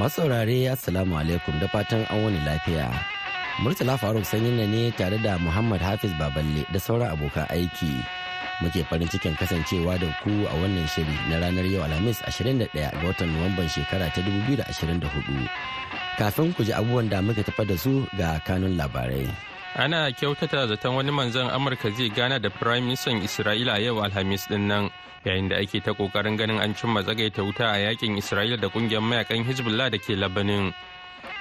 Masu saurare Assalamu alaikum da fatan an wani lafiya. Murtala Faruk sanyin na ne tare da Muhammad Hafiz Baballe da sauran abokan aiki. Muke farin cikin kasancewa da ku a wannan shiri na ranar yau Alhamis 21 ga watan Nuwamban shekara ta 2024. Kafin ku ji abubuwan da muke tafa da su ga kanun labarai. ana kyautata zaton wani manzan amurka zai gana da prime minister isra'ila yau alhamis din nan yayin da ake ta kokarin ganin an cimma ta wuta a yakin isra'ila da kungiyar mayakan hezbollah da ke labanin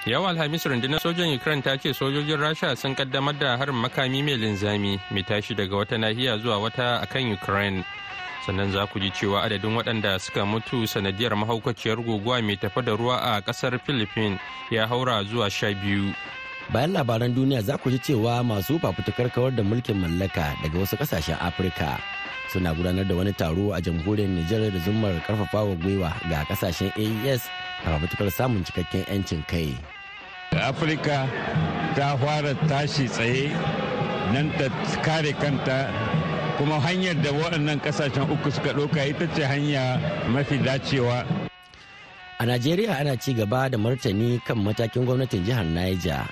yau alhamis rundunar sojan ukraine ta ce sojojin rasha sun kaddamar da harin makami mai linzami mai tashi daga wata nahiya zuwa wata akan ukraine sannan za ku ji cewa adadin waɗanda suka mutu sanadiyar mahaukaciyar guguwa mai tafi da ruwa a ƙasar philippines ya haura zuwa sha biyu bayan labaran duniya za ku ji cewa masu fafutukar kawar da mulkin mallaka daga wasu kasashen afirka suna gudanar da wani taro a jamhuriyar nijar da zummar karfafawa gwiwa ga kasashen aes a fafutukar samun cikakken 'yancin kai afirka ta fara tashi tsaye nan ta kare kanta kuma hanyar da waɗannan kasashen uku suka ɗauka ita ce hanya mafi dacewa a najeriya ana ci gaba da martani kan matakin gwamnatin jihar niger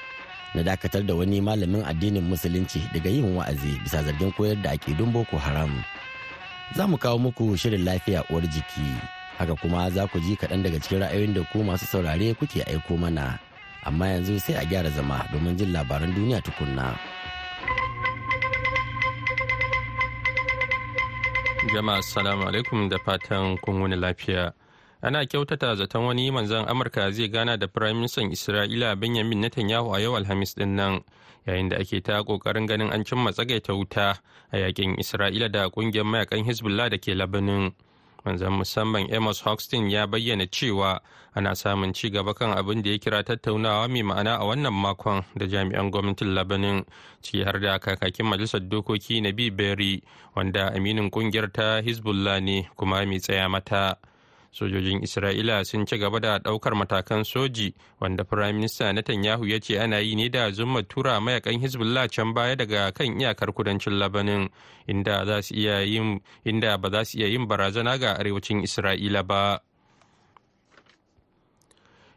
na dakatar da wani malamin addinin musulunci daga yin wa'azi bisa zargin koyar da aƙidun boko haram za mu kawo muku shirin lafiya uwar jiki haka kuma za ku ji kaɗan daga cikin ra'ayoyin da ku masu saurare kuke aiko mana amma yanzu sai a gyara zama domin jin labaran duniya tukunna jama'a assalamu alaikum da fatan kun wani lafiya ana kyautata zaton wani manzan amurka zai gana da firaministan isra'ila benjamin netanyahu a yau alhamis din nan yayin da ake ta kokarin ganin an cimma tsagaita wuta a yakin isra'ila da kungiyar mayakan hezbollah da ke labanin manzan musamman amos hoxton ya bayyana cewa ana samun ci gaba kan abin da ya kira tattaunawa mai ma'ana a wannan makon da jami'an gwamnatin labanin ciki har da kakakin majalisar dokoki na Beri wanda aminin kungiyar ta hezbollah ne kuma mai tsaya mata sojojin isra'ila sun ci gaba da daukar matakan soji wanda firaminista netanyahu ya ce ana yi ne da zumma tura mayakan hezbollah can baya daga kan iyakar kudancin labanin inda ba za su iya yin barazana ga arewacin isra'ila ba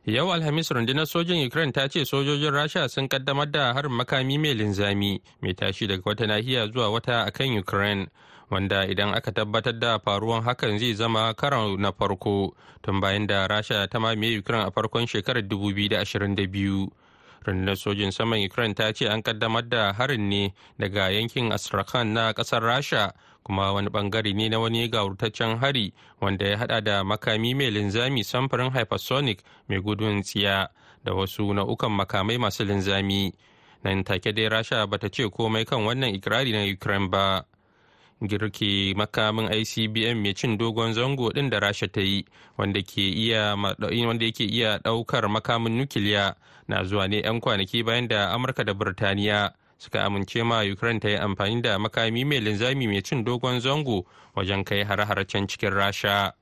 Yau Alhamis rundunar sojin Ukraine ta ce sojojin Rasha sun kaddamar da harin makami mai linzami mai tashi daga wata nahiya zuwa wata akan Ukraine. wanda idan aka tabbatar da faruwan hakan zai zama karan na farko tun bayan da rasha ta mamaye ukraine a farkon shekarar 2022 rundunar sojin saman ukraine ta ce an kaddamar da harin ne daga yankin astrakhan na kasar rasha kuma wani bangare ne na wani gawurtaccen hari wanda ya hada da makami mai linzami samfurin hypersonic mai gudun tsiya da wasu nau'ukan makamai masu linzami nan take dai rasha bata ce komai kan wannan ikirari na ukraine ba girki makamin icbm mai cin dogon zango din da rasha ta yi wanda yake iya daukar makamin nukiliya na zuwa ne 'yan kwanaki bayan da amurka da birtaniya suka amince ma ukraine ta yi amfani da makami mai linzami mai cin dogon zango wajen kai hare-hare cikin rasha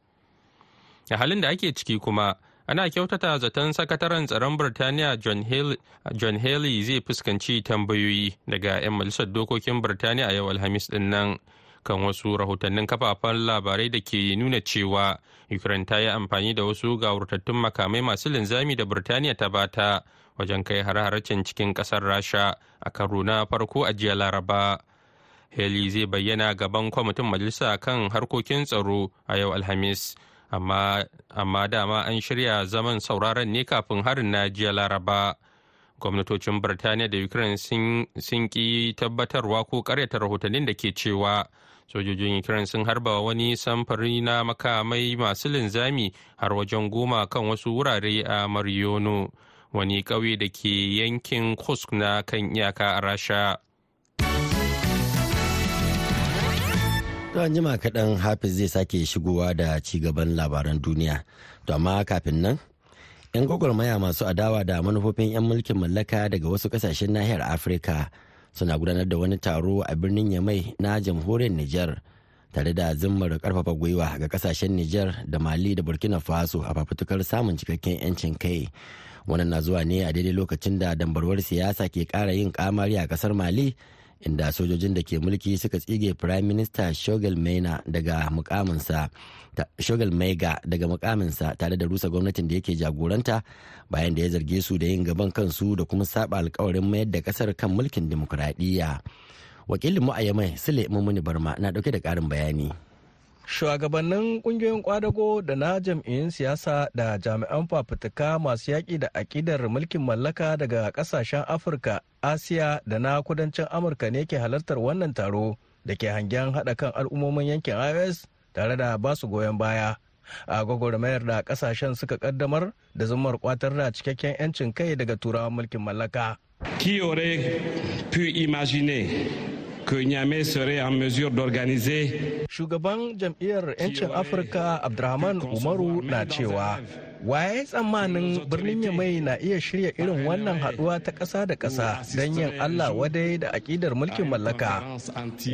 a halin da ake ciki kuma ana kyautata zaton sakataren tsaron birtaniya john haley zai fuskanci tambayoyi daga 'yan majalisar dokokin birtaniya a yau alhamis din nan kan wasu rahotannin kafafen labarai da ke nuna cewa ukraine ta yi amfani da wasu gawurtattun makamai masu linzami da birtaniya ta bata wajen kai har-harcen cikin kasar rasha a karo na farko a jiya laraba heli zai bayyana gaban kwamitin majalisa kan harkokin tsaro a yau alhamis amma dama an shirya zaman sauraron ne kafin harin na jiya laraba gwamnatocin birtaniya da ukraine sun ki tabbatarwa ko karyata rahotannin da ke cewa sojojin ukraine sun harba wani samfari na makamai masu linzami har wajen goma kan wasu wurare a mariono wani ƙauye da ke yankin kusk na kan iyaka a rasha To an jima kaɗan Hafiz zai sake shigowa da cigaban labaran duniya. To amma kafin nan 'yan gwagwarmaya masu adawa da manufofin 'yan mulkin mallaka daga wasu kasashen nahiyar afirka suna gudanar da wani taro a birnin yamai na jamhuriyar niger tare da zimmar karfafa gwiwa ga kasashen niger da mali da burkina faso a fafutukar samun cikakken 'yancin kai wannan na zuwa ne a daidai lokacin da dambarwar siyasa ke kara yin kamari a kasar mali inda sojojin da ke mulki suka tsige prime minister shogel maina daga mukaminsa maiga daga mukaminsa tare da rusa gwamnatin da yake jagoranta bayan da ya zarge su da yin gaban kansu da kuma saba alkawarin mayar da kasar kan mulkin dimokuraɗiyya wakilin mu a yamai sule mumuni barma na dauke da ƙarin bayani shugabannin kungiyoyin kwadago da na jam'iyyun siyasa da jami'an fafutuka masu yaƙi da akidar mulkin mallaka daga ƙasashen afirka asiya da na kudancin amurka ne ke halartar wannan taro da ke hangen haɗa kan al'ummomin yankin ios tare da basu goyon baya a gwagwarmayar da ƙasashen suka ƙaddamar da zumar kwatar da cikakken 'yancin kai daga turawan mulkin mallaka. que serait en mesure d'organiser. Shugaban jam'iyyar 'yancin Afirka Abdurrahman Umaru na cewa waye tsammanin birnin Yamai na iya shirya irin wannan haduwa ta ƙasa da ƙasa don yin Allah wadai da aƙidar mulkin mallaka.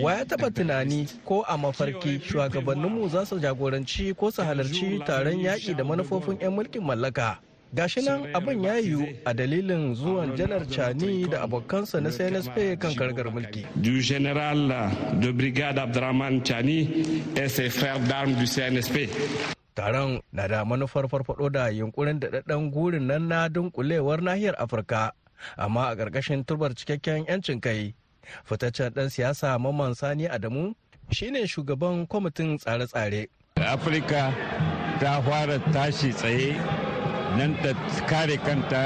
Waye taɓa tunani ko a mafarki shugabanninmu za su jagoranci ko su halarci taron yaƙi da manufofin 'yan mulkin mallaka. gashi nan abin ya yiwu a dalilin zuwan janar cani da abokansa na cnsp kan kargar mulki du general de brigade abdurrahman cani et ses frères d'armes du cnsp taron na da manufar farfado da yunkurin daɗaɗɗen gurin nan na dunkulewar nahiyar afirka amma a ƙarƙashin turbar cikakken 'yancin kai fitaccen ɗan siyasa mamman sani adamu shine shugaban kwamitin tsare-tsare afirka ta fara tashi tsaye nan ta kare kanta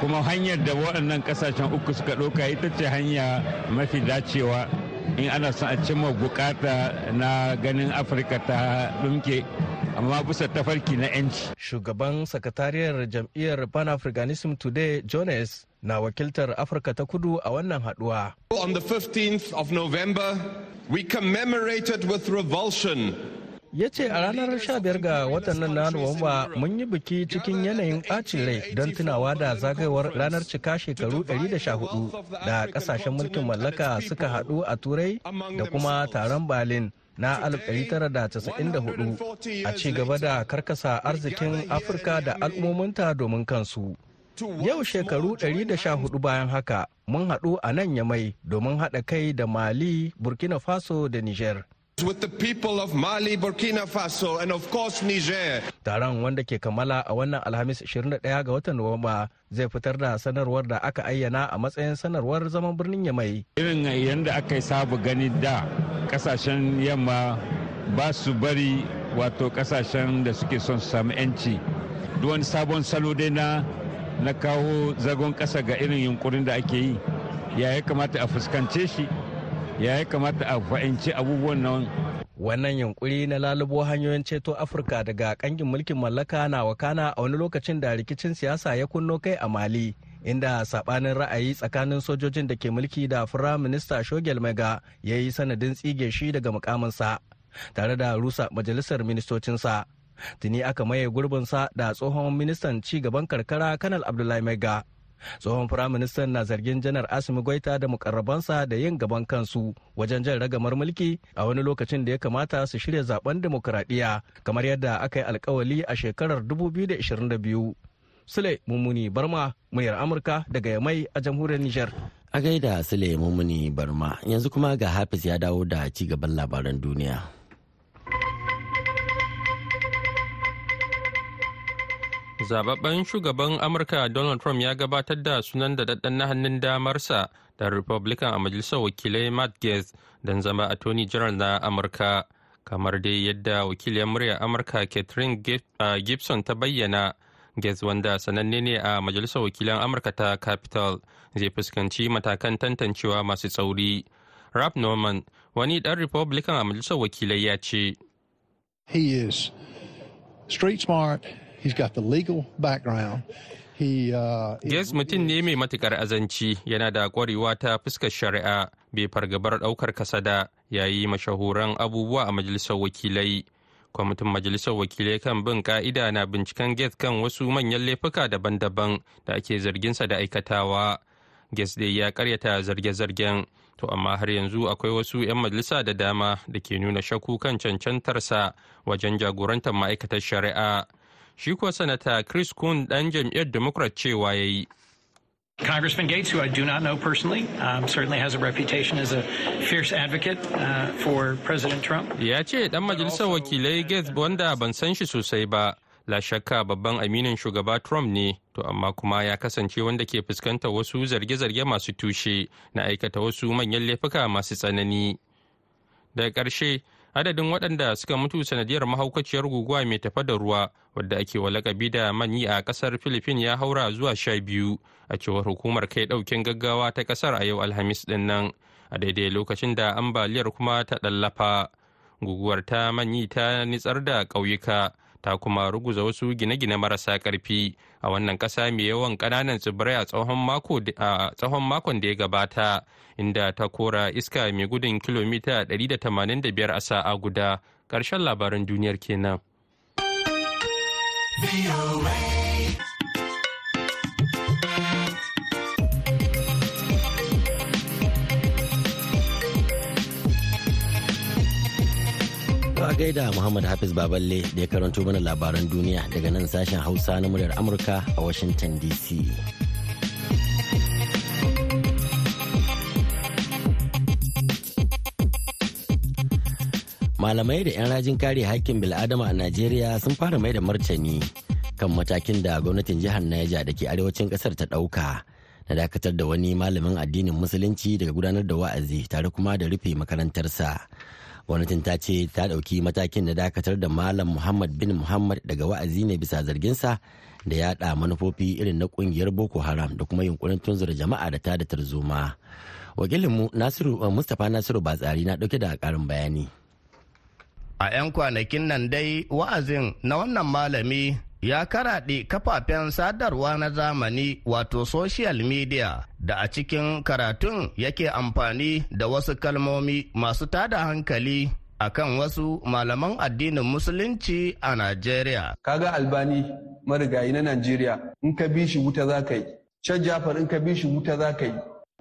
kuma hanyar da waɗannan ƙasashen uku suka ɗauka ita ce hanya mafi dacewa in ana son a cimma bukata na ganin afirka ta ɗumke amma bisa tafarki na 'yanci. shugaban sakatariyar jam'iyyar pan-africanism today jones na wakiltar afirka ta kudu a wannan haduwa on the 15th of november we commemorated with revulsion ya ce a ranar 15 ga watan nan na nuwamba mun yi biki cikin yanayin ɓacin rai don tunawa da zagayowar ranar cika shekaru 114 da kasashen mulkin mallaka suka haɗu a turai da kuma taron berlin na 1994 a ci gaba da karkasa arzikin afirka da al'ummominta domin kansu Yau shekaru 114 bayan haka mun haɗu a nan yamai domin haɗa kai da Mali, Burkina Faso da Niger. with the people of Mali, Burkina Faso and of course Niger. Taron wanda ke kammala a wannan Alhamis 21 ga watan Nuwamba zai fitar da sanarwar da aka ayyana a matsayin sanarwar zaman birnin Yamai. Irin yadda aka saba gani da kasashen yamma ba su bari wato kasashen da suke son su samu 'yanci. wani sabon salo dai na na kawo zagon ƙasa ga irin yunkurin da ake yi ya ya kamata a fuskance shi ya kamata a fa'inci abubuwan nan wannan yunkuri na lalubo hanyoyin ceto afirka daga kangin mulkin mallaka na wakana a wani lokacin da rikicin siyasa ya kunno kai a mali inda sabanin ra'ayi tsakanin sojojin da ke mulki da firayim minista shogel mega ya yi sanadin tsige shi daga mukaminsa tare da rusa majalisar ministocinsa tuni aka maye gurbinsa da tsohon ministan ci gaban karkara kanal abdullahi mega tsohon firaministan na zargin janar asimi gwaita da mukarrabansa da yin gaban kansu wajen jan ragamar mulki a wani lokacin da ya kamata su shirya zaben demokuraɗiyya kamar yadda aka yi alkawali a shekarar 2022 sule mummuni barma muryar amurka daga yamai a jamhuriyar nijar a gaida sule mummuni barma yanzu kuma ga hafiz ya dawo da ci gaban labaran duniya zababben shugaban amurka donald trump ya gabatar da sunan da daddan na hannun damarsa da republican a majalisar wakilai matt gaetz don zama attorney general na amurka kamar dai yadda wakiliyar murya amurka catherine gibson ta bayyana gates wanda sananne ne a majalisar wakilan amurka ta capital zai fuskanci matakan tantancewa masu tsauri rap norman wani dan republican a majalisar wakilai ya ce he He's got the legal background. Uh, yes, mutum ne mai matukar azanci yana da kwarewa ta fuskar shari'a bai fargabar daukar kasada yayi mashahuran abubuwa a majalisar wakilai. Kwamitin majalisar wakilai kan bin ka'ida na binciken Gates kan wasu manyan laifuka daban-daban da ake zarginsa da aikatawa. Gates dai ya karyata zarge-zargen, to amma har yanzu akwai wasu 'yan majalisa da dama da ke nuna shakku kan cancantarsa wajen jagorantar ma'aikatar shari'a. shi kuwa sanata chris kun dan jam'iyyar democrat cewa ya yi Congressman Gates, who I do not know personally, um, certainly has a reputation as a fierce advocate uh, for President Trump. Ya ce dan majalisar wakilai Gates wanda ban san shi sosai ba, la shakka babban aminin shugaba Trump ne, to amma kuma ya kasance wanda ke fuskantar wasu zarge-zarge masu tushe na aikata wasu manyan laifuka masu tsanani. Daga ƙarshe, adadin waɗanda suka mutu sanadiyar mahaukaciyar guguwa mai tafa da ruwa wadda ake wa lakabi da manyi a ƙasar filifin ya haura zuwa sha biyu a cewar hukumar kai ɗaukin gaggawa ta ƙasar a yau alhamis ɗin nan a daidai lokacin da ambaliyar kuma ta ɗallafa guguwar ta manyi ta nitsar da ƙauyuka ta kuma ruguza wasu gine-gine marasa karfi a wannan ƙasa mai yawan ƙananan tsibirai a tsawon makon da ya gabata inda ta kora iska mai gudun kilomita 185 a sa'a guda karshen labaran duniyar kenan. gaida Muhammad Hafiz Baballe da ya karanto mana labaran duniya daga nan sashen Hausa na muryar Amurka a Washington DC. Malamai da 'yan rajin kare haƙƙin bil'adama a Najeriya sun fara mai da martani kan matakin da gwamnatin jihar Niger da ke arewacin ƙasar ta ɗauka na dakatar da wani malamin addinin musulunci daga gudanar da wa'azi tare kuma da rufe makarantarsa. gwamnatin ta ce ta dauki matakin da dakatar da malam muhammad bin muhammad daga wa'azi ne bisa zarginsa da yaɗa manufofi irin na ƙungiyar boko haram da kuma yunkurin tunzura jama'a da ta da tarzoma wakilinmu nasiru eh, mustapha nasiru batsari na dauke da ƙarin bayani a 'yan kwanakin nan dai wa'azin na wannan malami ya karaɗe kafafen sadarwa na zamani wato social media da a cikin karatun yake amfani da wasu kalmomi masu tada hankali akan wasu malaman addinin musulunci a Najeriya. Kaga albani marigayi na Najeriya in ka bi shi wuta za ka yi, Can Jafar in ka bi shi wuta za ka yi,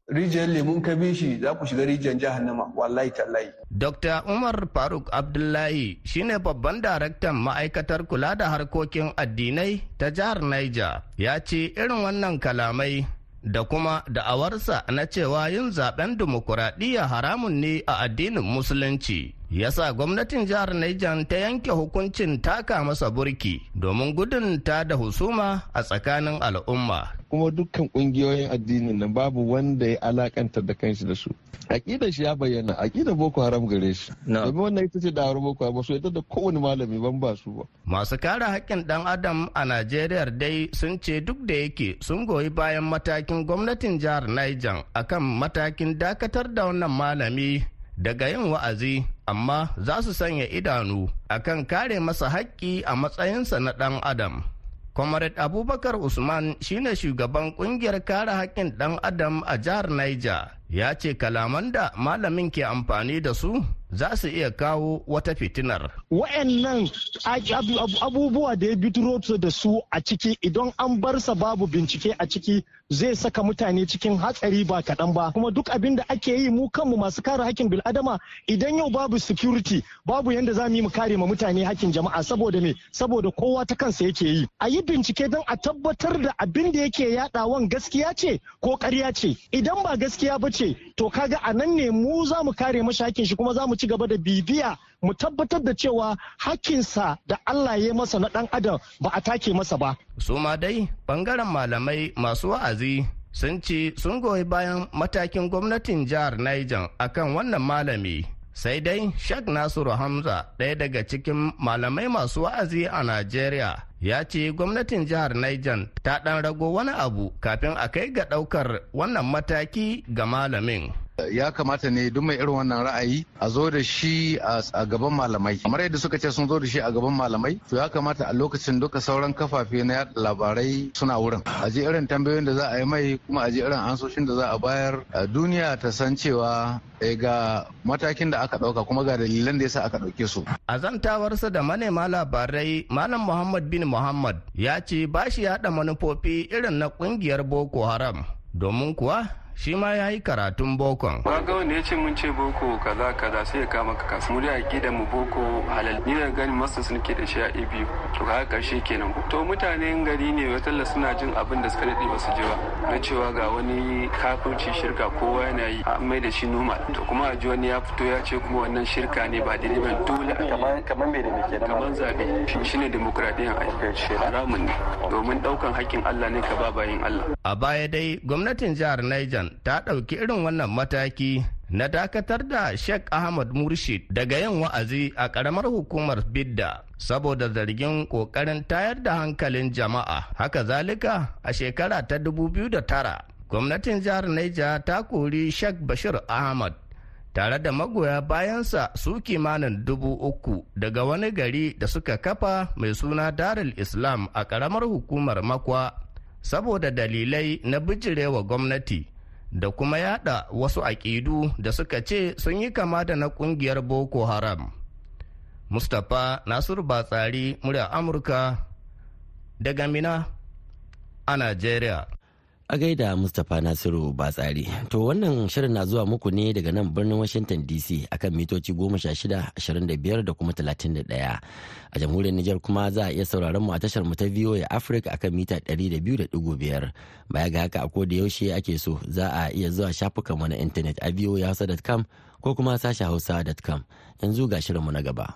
rijiyar lemun ka bi za ku shiga rijiyar jahannama wallahi tallahi. Dr. Umar Faruk Abdullahi shine babban daraktan ma'aikatar kula da harkokin addinai ta jihar Niger ya ce irin wannan kalamai da kuma da'awarsa na cewa yin zaben dimokuraɗiyya haramun ne a addinin musulunci yasa gwamnatin jihar Niger ta yanke hukuncin taka masa burki domin gudun ta da husuma a tsakanin al'umma kuma dukkan kungiyoyin addinin nan babu wanda ya alakanta da kanshi da su aƙida shi ya bayyana aƙida boko haram gare shi domin wannan ita ce dawar boko haram su yadda da kowane malami ban ba su ba masu kare haƙƙin dan adam a Najeriya dai sun ce duk da yake sun goyi bayan matakin gwamnatin jihar Niger akan matakin dakatar da wannan malami daga yin wa'azi amma za su sanya idanu a kan kare masa haƙƙi a matsayinsa na ɗan adam comrade abubakar usman shine shugaban ƙungiyar kare haƙƙin ɗan adam a jihar niger ya ce kalaman da malamin ke amfani da su za su iya kawo wata fitinar. Wa'annan abubuwa da ya bituro da su a ciki idan an bar sa babu bincike a ciki zai saka mutane cikin hatsari ba kaɗan ba. Kuma duk abin da ake yi mu kanmu masu kare hakkin bil'adama idan yau babu security babu yadda za mu yi mu kare ma mutane hakkin jama'a saboda me saboda kowa ta kansa yake yi. A yi bincike don a tabbatar da abin da yake yaɗawan gaskiya ce ko ƙarya ce. Idan ba gaskiya ba ce to kaga a nan ne mu za mu kare mashi hakkin shi kuma za mu ci gaba da bibiya mu tabbatar da cewa hakkinsa da Allah ya masa na ɗan adam ba a take masa ba. Su ma dai bangaren malamai masu wa'azi sun ce sun goyi bayan matakin gwamnatin jihar Niger akan wannan malami. Sai dai Sheikh Nasiru Hamza ɗaya daga cikin malamai masu wa'azi a Najeriya ya ce gwamnatin jihar Niger ta ɗan rago wani abu kafin a kai ga ɗaukar wannan mataki ga malamin. ya kamata ne duk mai irin wannan ra'ayi a zo da shi a gaban malamai kamar yadda suka ce sun zo da shi a gaban malamai to ya kamata a lokacin duka sauran kafafe na yada labarai suna wurin a ji irin tambayoyin da za a yi mai kuma a ji irin ansoshin da za a bayar duniya ta san cewa e, ga matakin da aka ɗauka kuma ga dalilan da yasa aka ɗauke su. A zantawarsa da manema labarai Malam Muhammad bin Muhammad ya ce ba shi yaɗa manufofi irin na ƙungiyar Boko Haram domin kuwa shi ma ya yi karatun bokon. ga wanda ya ce mun ce boko kaza kaza sai ya kama ka kasu. Muri gida mu boko halal. Ni da gani masu sun ke da shi a ibi. To kaga ƙarshe kenan. To mutanen gari ne watalla suna jin abin da suka daɗe ba su ji ba. Na cewa ga wani kafirci shirka kowa yana yi a mai da shi noma. To kuma a ji wani ya fito ya ce kuma wannan shirka ne ba daidai ba dole. Kamar me da muke Kamar zaɓe. Shi ne demokuraɗiyyar aiki. Haramun ne. Domin ɗaukan haƙƙin Allah ne ka ba bayin Allah. A baya dai gwamnatin jihar Niger ta ɗauki irin wannan mataki na dakatar da sheikh ahmad murshid daga yin wa'azi a ƙaramar hukumar bidda saboda zargin ƙoƙarin tayar da hankalin jama'a haka zalika a shekara ta 2009 gwamnatin jihar naija ta kori sheikh bashir ahmad tare da magoya bayansa su kimanin dubu uku daga wani gari da suka kafa mai suna darul islam a ƙaramar hukumar makwa saboda dalilai na bijirewa gwamnati da kuma yada wasu aƙidu da suka ce sun yi kama da na ƙungiyar boko haram mustapha nasiru batsari murya amurka daga mina a nigeria. a gaida mustapha nasiru batsari to wannan shirin na zuwa muku ne daga nan birnin washington dc akan mitoci 16 25 da kuma 31 a jamhuriyar niger kuma za a iya sauraron mu a tashar mu ta voa africa akan mita 200.5 baya ga haka a da yaushe ake so za a iya zuwa shafukan mu na intanet a voahausa.com ko kuma sashi hausa.com yanzu ga shirinmu na gaba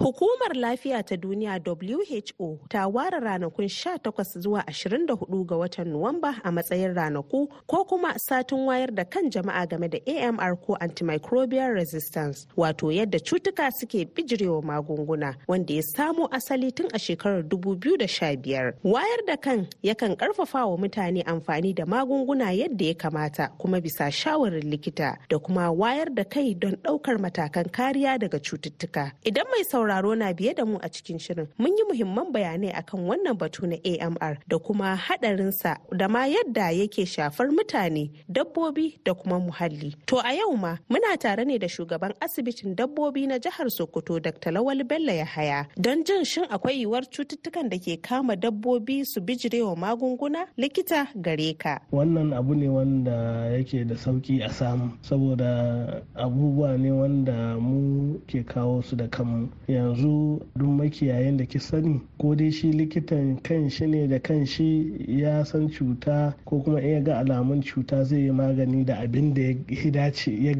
Hukumar Lafiya ta Duniya WHO ta ware ranakun 18 zuwa 24 ga watan Nuwamba a matsayin ranaku ko kuma satin wayar da kan jama'a game da AMR ko antimicrobial resistance wato yadda cutuka suke bijirewa magunguna wanda ya samo asali tun a shekarar 2015. Wayar da kan yakan karfafa wa mutane amfani da magunguna yadda ya kamata kuma bisa shawarar likita da kuma wayar da kai don ɗaukar matakan kariya daga cututtuka. Idan mai sauraro sauraro na biye da mu a cikin shirin mun yi muhimman bayanai akan wannan batu na amr da kuma haɗarinsa da ma yadda yake shafar mutane dabbobi da kuma muhalli to a yau ma muna tare ne da shugaban asibitin dabbobi na jihar sokoto dr lawal bello yahaya don jin shin akwai yiwuwar cututtukan da ke kama dabbobi su bijirewa magunguna likita gare ka wannan abu ne wanda yake da sauki a samu saboda abubuwa ne wanda mu ke kawo su da kanmu yanzu duk makiyayin da ki sani ko dai shi likitan kan shi ne da kan shi ya san cuta ko kuma in ya ga alamun cuta zai yi magani da abin da ya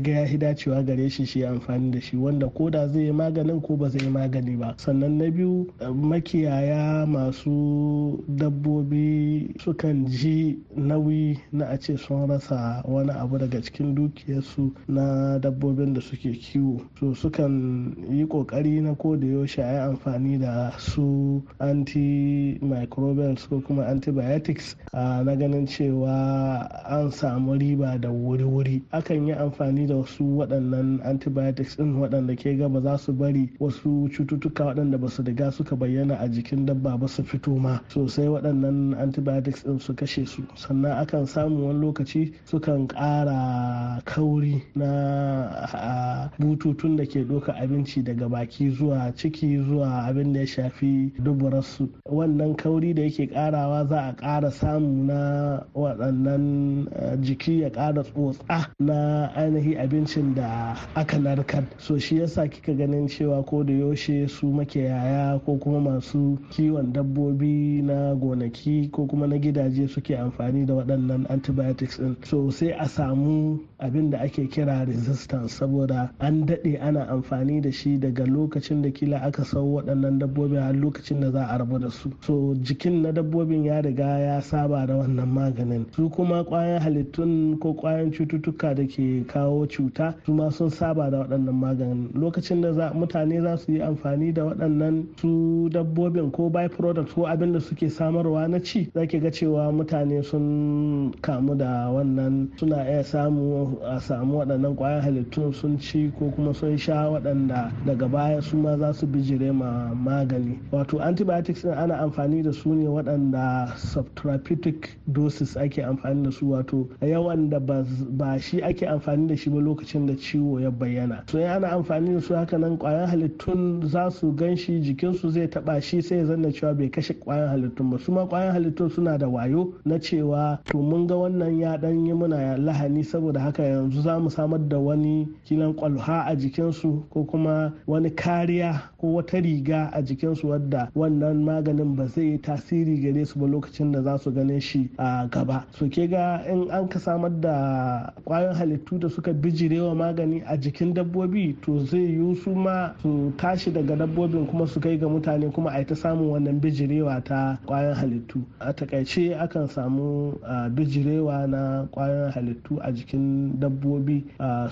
ga ya hidacewa gare shi shi amfani da shi wanda ko da zai yi maganin ko ba zai yi magani ba sannan na biyu makiyaya masu dabbobi sukan ji nauyi na a ce sun rasa wani abu daga cikin dukiyarsu na dabbobin da suke kiwo so sukan yi kokari na ko da yaushe a yi amfani da su antimicrobials ko kuma antibiotics na ganin cewa an samu riba da wuri-wuri akan yi amfani da wasu waɗannan antibiotics ɗin waɗanda ke gaba za su bari wasu cututtuka waɗanda ba su riga suka bayyana a jikin dabba ba su fito ma sosai waɗannan antibiotics ɗin su kashe su sannan akan samu wani lokaci sukan ƙara kauri na bututun da ke ɗauka abinci daga baki zuwa zuwa ciki zuwa abin da ya shafi duburarsu wannan kauri da yake karawa za a kara samu na waɗannan eh, jiki ya kara tsotsa na ainihin abincin da aka narkar so shi yasa kika ganin cewa ko da yaushe su makiyaya ko kuma masu kiwon dabbobi na gonaki ko kuma na gidaje suke amfani da waɗannan antibiotics din so sai a samu abin da ake kira resistance saboda an daɗe ana amfani da shi daga lokacin lokacin da kila aka sau waɗannan dabbobi a lokacin da za a rabu da su so jikin na dabbobin ya riga ya saba da wannan maganin su kuma kwayan halittun ko kwayan cututtuka da ke kawo cuta su ma sun saba da waɗannan maganin lokacin da mutane za su yi amfani da waɗannan su dabbobin ko product ko abin da suke samarwa na ci za ki ga cewa mutane sun kamu da wannan suna iya samu a samu waɗannan kwayan halittun sun ci ko kuma sun sha waɗanda daga baya su ma za su bijire ma magani wato antibiotics din ana amfani da su ne waɗanda subtherapeutic doses ake amfani da su wato yawan da ba shi ake amfani da shi ba lokacin da ciwo ya bayyana so ana amfani da su haka nan ƙwayan halittun za su gan shi jikinsu zai taɓa shi sai ya zanna cewa bai kashe ƙwayan halittun ba su ma ƙwayan halittun suna da wayo na cewa to mun ga wannan ya dan yi muna lahani saboda haka yanzu za mu samar da wani kilan kwalha a jikinsu ko kuma wani kariya kariya ko wata riga a jikinsu wadda wannan maganin ba zai yi tasiri gare su ba lokacin da za su ganin shi a gaba so ke ga in an ka samar da kwayoyin halittu da suka bijirewa magani a jikin dabbobi to zai yi su ma su tashi daga dabbobin kuma su kai ga mutane kuma a ta samun wannan bijirewa ta kwayoyin halittu a takaice akan samu bijirewa na kwayoyin halittu a jikin dabbobi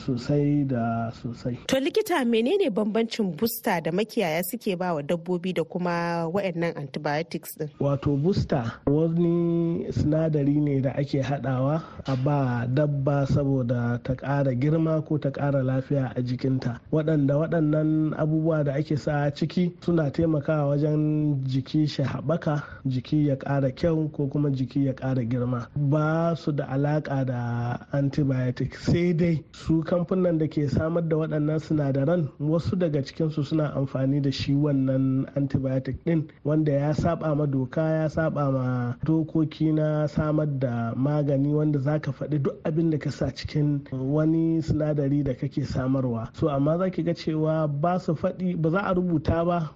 sosai da sosai to likita menene bambancin busta da makiyaya suke ba wa dabbobi da kuma waɗannan antibiotics din wato booster wani sinadari ne da ake haɗawa a ba dabba saboda ta ƙara girma ko ta ƙara lafiya a jikinta waɗanda waɗannan abubuwa da ake sa ciki suna taimakawa wajen jiki shi haɓaka jiki ya ƙara kyau ko kuma jiki ya ƙara girma ba su da alaƙa da antibiotics sai dai su kamfanin da ke samar da waɗannan sinadaran wasu daga cikinsu suna amfani da shi wannan antibiotic din wanda ya saba ma doka ya saba ma dokoki na samar da magani wanda zaka faɗi duk abin da ka sa cikin wani sinadari da kake samarwa so amma za ki ga cewa ba su faɗi ba za a rubuta ba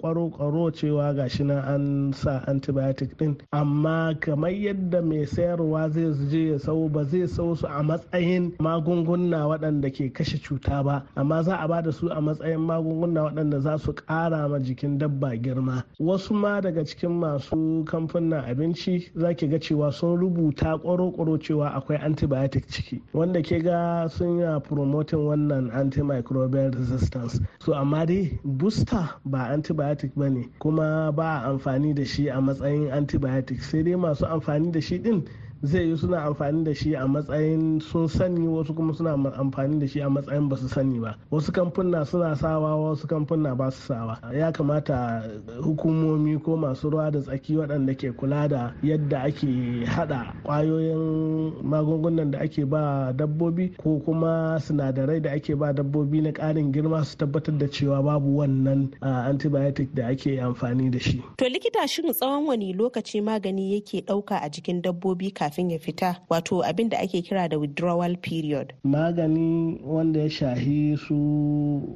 kwaro-kwaro cewa gashi na an sa antibiotic din amma kamar yadda mai sayarwa zai je ya sau ba zai sau su a matsayin magunguna waɗanda ke kashe cuta ba amma za a ba da su a matsayin magunguna waɗanda za su ƙara ma jikin dabba girma wasu ma daga cikin masu kamfanin abinci za ki ga cewa sun rubuta ƙwaro-ƙwaro cewa akwai antibiotic ciki wanda ke ga sun yi promoting wannan antimicrobial resistance so amma dai booster ba antibiotic ba ne kuma ba a amfani da shi a matsayin antibiotic sai dai masu amfani da shi din zai yi suna amfani da shi a matsayin sun sani wasu kuma suna amfani da shi a matsayin ba su sani ba wasu kamfuna suna sawa wasu kamfuna ba su sawa ya kamata hukumomi ko masu ruwa da tsaki waɗanda ke kula da yadda ake hada kwayoyin magungunan da ake ba dabbobi ko kuma sinadarai da ake ba dabbobi na ƙarin girma su tabbatar da cewa babu wannan antibiotic da ake amfani da shi to likita shin tsawon wani lokaci magani yake ɗauka a jikin dabbobi ka kafin ya fita wato abin da ake kira da withdrawal period magani wanda ya shahi su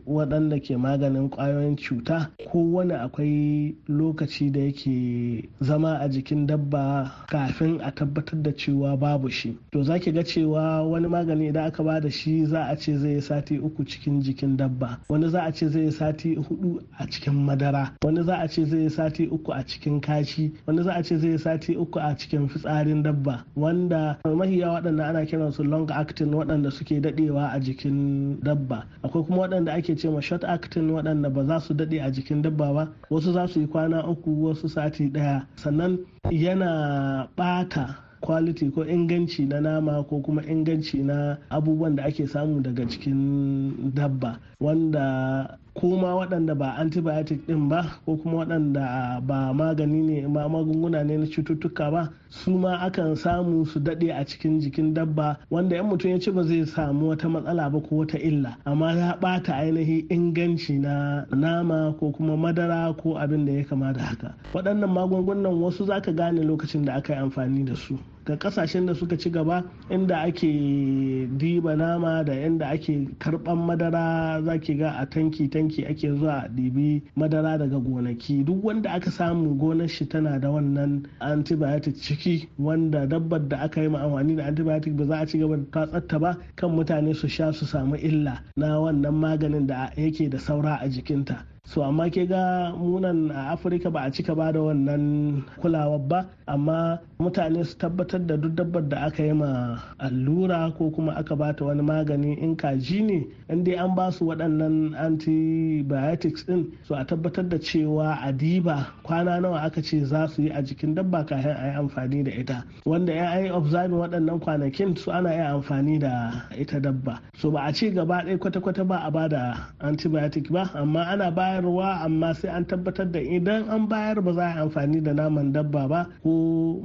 waɗanda ke maganin ƙwayoyin cuta ko kowane akwai lokaci da yake zama a jikin dabba kafin a tabbatar da cewa babu shi to za ga cewa wani magani idan aka ba da shi za a ce zai sati uku cikin jikin dabba wani za a ce zai sati hudu a cikin madara wani za a ce zai sati uku a cikin kashi wani za a ce zai sati uku a cikin fitsarin dabba wanda wanda mahiya waɗanda ana kiran su long acting waɗanda suke daɗewa a jikin dabba akwai kuma waɗanda ake ce ma short acting waɗanda ba za su dade a jikin dabba ba wasu za su yi kwana uku wasu sati ɗaya sannan yana ɓata quality ko inganci na nama ko kuma inganci na abubuwan da ake samu daga cikin dabba wanda kuma waɗanda ba antibiotic ɗin ba ko kuma waɗanda ah, ba magani ne ba magunguna ne na cututtuka ba su ma akan samu su daɗe a cikin jikin dabba wanda yan mutum ya ci ba zai samu wata matsala ba ko wata illa amma ya ɓata ainihin inganci na nama ko kuma madara ko abin da ya kama da haka waɗannan magungunan wasu zaka gane lokacin da aka yi amfani da su ga kasashen da suka ci gaba inda ake diba nama da inda ake karban madara za ki ga a tanki tanki ake zuwa dibi madara daga gonaki duk wanda aka samu gonar shi tana da wannan antibiotic ciki wanda dabbar da aka yi amfani da antibiotic ba za a ci gaba da tatsatta ba kan mutane su sha su samu illa na wannan maganin da yake da saura a jikinta so amma ke ga munan a afirka ba a cika ba da wannan kulawa ba amma mutane su tabbatar da duk dabbar da aka yi ma allura ko kuma aka bata wani magani in kaji ne in dai an ba su waɗannan antibiotics din so a tabbatar da cewa a diba kwana nawa aka ce za su yi a jikin dabba kafin a yi amfani da ita wanda ya yi observing waɗannan kwanakin su ana yi amfani da ita dabba so ba a ce gaba ɗaya kwata-kwata ba a ba da antibiotic ba amma ana bayar bayarwa amma sai an tabbatar da idan an bayar ba za a yi amfani da naman dabba ba ko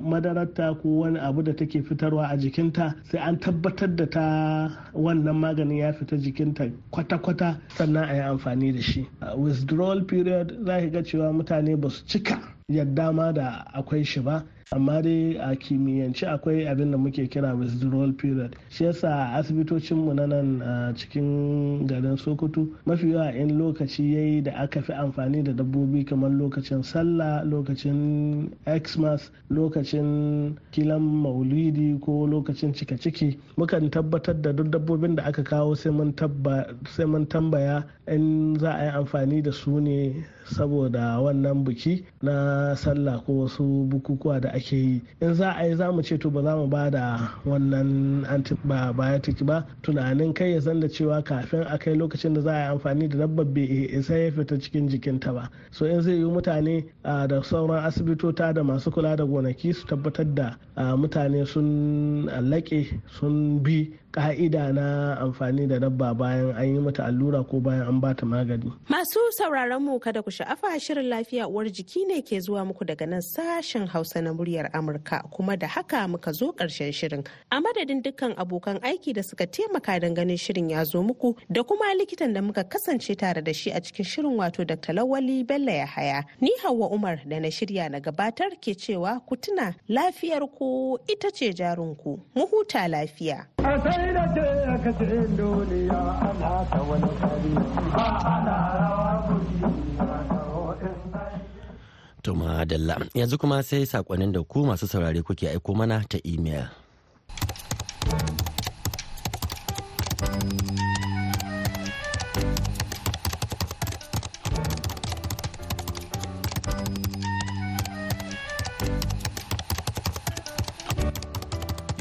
madararta ko wani abu da take fitarwa a jikinta sai an tabbatar da ta wannan maganin ya fita jikinta kwata-kwata sannan a yi amfani da shi withdrawal period za ga cewa mutane ba su cika yadda ma da akwai shi ba amma dai a kimiyyance akwai abin da muke kira withdrawal period shi yasa asibitocin mu na nan a cikin garin sokoto mafi yawa in lokaci yayi da aka fi amfani da dabbobi kamar lokacin sallah lokacin xmas lokacin kilan maulidi ko lokacin cika ciki mukan tabbatar da duk dabbobin da aka kawo sai mun tambaya in za a yi amfani da su ne saboda wannan biki na sallah ko wasu bukukuwa da ake yi in za a yi za mu ce to ba za mu ba da wannan antibiotic ba tunanin kai ya zanda cewa kafin a kai lokacin da za a yi amfani da dabbar bai isa ya fita cikin jikinta ba so in zai yi mutane da sauran asibitota da masu kula da gonaki su tabbatar da mutane sun laƙe sun bi ka'ida na amfani da dabba bayan an yi mata allura ko bayan an ba ta magani. Masu sauraron mu kada ku sha'afa shirin lafiya uwar jiki ne ke zuwa muku daga nan sashen Hausa na muryar Amurka kuma da haka muka zo ƙarshen shirin. A madadin dukkan abokan aiki da suka taimaka don ganin shirin ya zo muku da kuma likitan da muka kasance tare da shi a cikin shirin wato Dr. Lawali Bello ya haya Ni Hauwa Umar da na shirya na gabatar ke cewa ku tuna lafiyar ku ita ce jarin ku. Mu huta lafiya. A Tuma Dalla. Yanzu kuma sai sakonnin da ku masu saurare kuke aiko mana ta imel.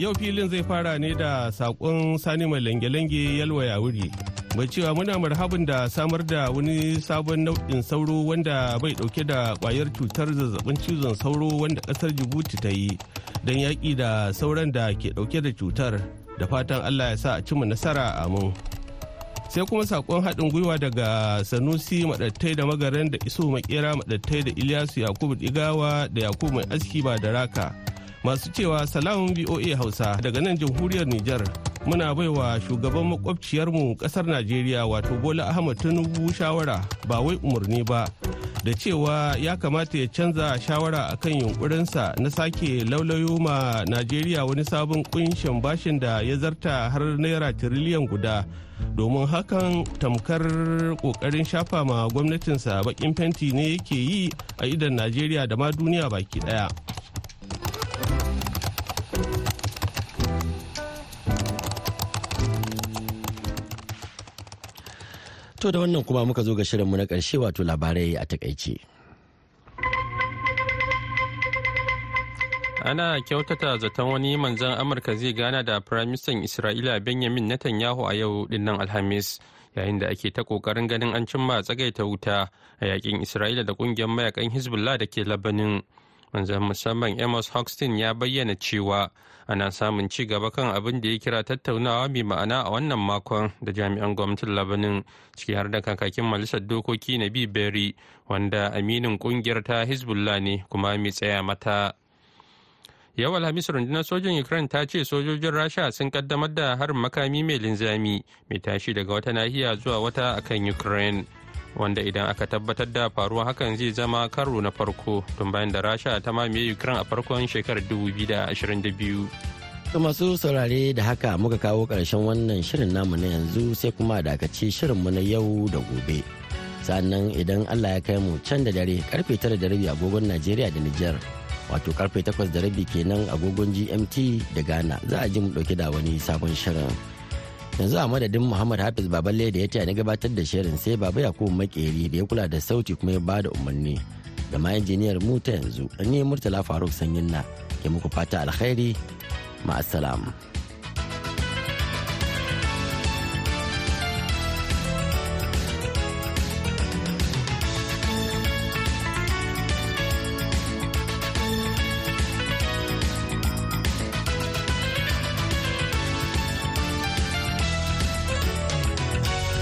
Yau filin zai fara ne da saƙon Sani Mai Lange-Lange Yalwa ya wuri. mai cewa muna marhabin da samar da wani sabon nau'in sauro wanda bai dauke da kwayar cutar zazzabin cizon sauro wanda kasar jibuti ta yi don yaƙi da sauran da ke dauke da cutar da fatan allah ya sa a cimma nasara a mu sai kuma sakon haɗin gwiwa daga sanusi madattai da magaran da iso makera madattai da ilyasu yakubu digawa da yakubu mai aski ba da raka masu cewa salamun boa hausa daga nan jamhuriyar niger muna baiwa shugaban makwabciyarmu kasar najeriya wato bola ahmad tinubu shawara ba wai umarni ba da cewa ya kamata ya canza shawara akan yunkurinsa na sake laulayo ma najeriya wani sabon kunshin bashin da ya zarta har naira tiriliyan guda domin hakan tamkar kokarin shafa ma gwamnatinsa bakin fenti ne yake yi a idan najeriya da ma duniya baki daya To da wannan kuma muka zo ga shirinmu na ƙarshe wato labarai a takaice. Ana kyautata zaton wani manzan Amurka zai gana da Firaministan Isra'ila Benjamin Netanyahu a yau dinnan Alhamis. yayin da ake ta kokarin ganin an cimma tsagaita wuta a yakin isra'ila da ƙungiyar mayakan hezbollah da ke labanin wanzan musamman amos hoxton ya bayyana cewa ana samun ci gaba kan abin da ya kira tattaunawa mai ma'ana a wannan makon da jami'an gwamnatin labanin ciki har da kakakin majalisar dokoki na biberi wanda aminin kungiyar ta hezbollah ne kuma mai tsaya mata yau alhamis rundunar sojin ukraine ta ce sojojin rasha sun kaddamar da harin makami mai linzami mai tashi daga wata nahiya zuwa wata akan ukraine wanda idan aka tabbatar da faruwa hakan zai zama karo na farko tun bayan da rasha ta mamaye ukraine a farkon shekarar 2022 ga masu saurare da haka muka kawo karshen wannan shirin namu na yanzu sai kuma dakaci mu na yau da gobe. sannan idan Allah ya kai mu can da dare karfe tara da rabi agogon Najeriya da niger wato karfe takwas da rabi kenan agogon GMT da Ghana za a ji mu dauke da wani sabon shirin. yanzu a madadin muhammad hafiz baballe da ya ce ni gabatar da shirin sai baba yakubu makeri da ya kula da sauti kuma ya ba da umarni da ma injiniyar mu ta yanzu ni murtala faruk sanyin na ke muku fata alkhairi ma'asalam.